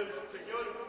el Señor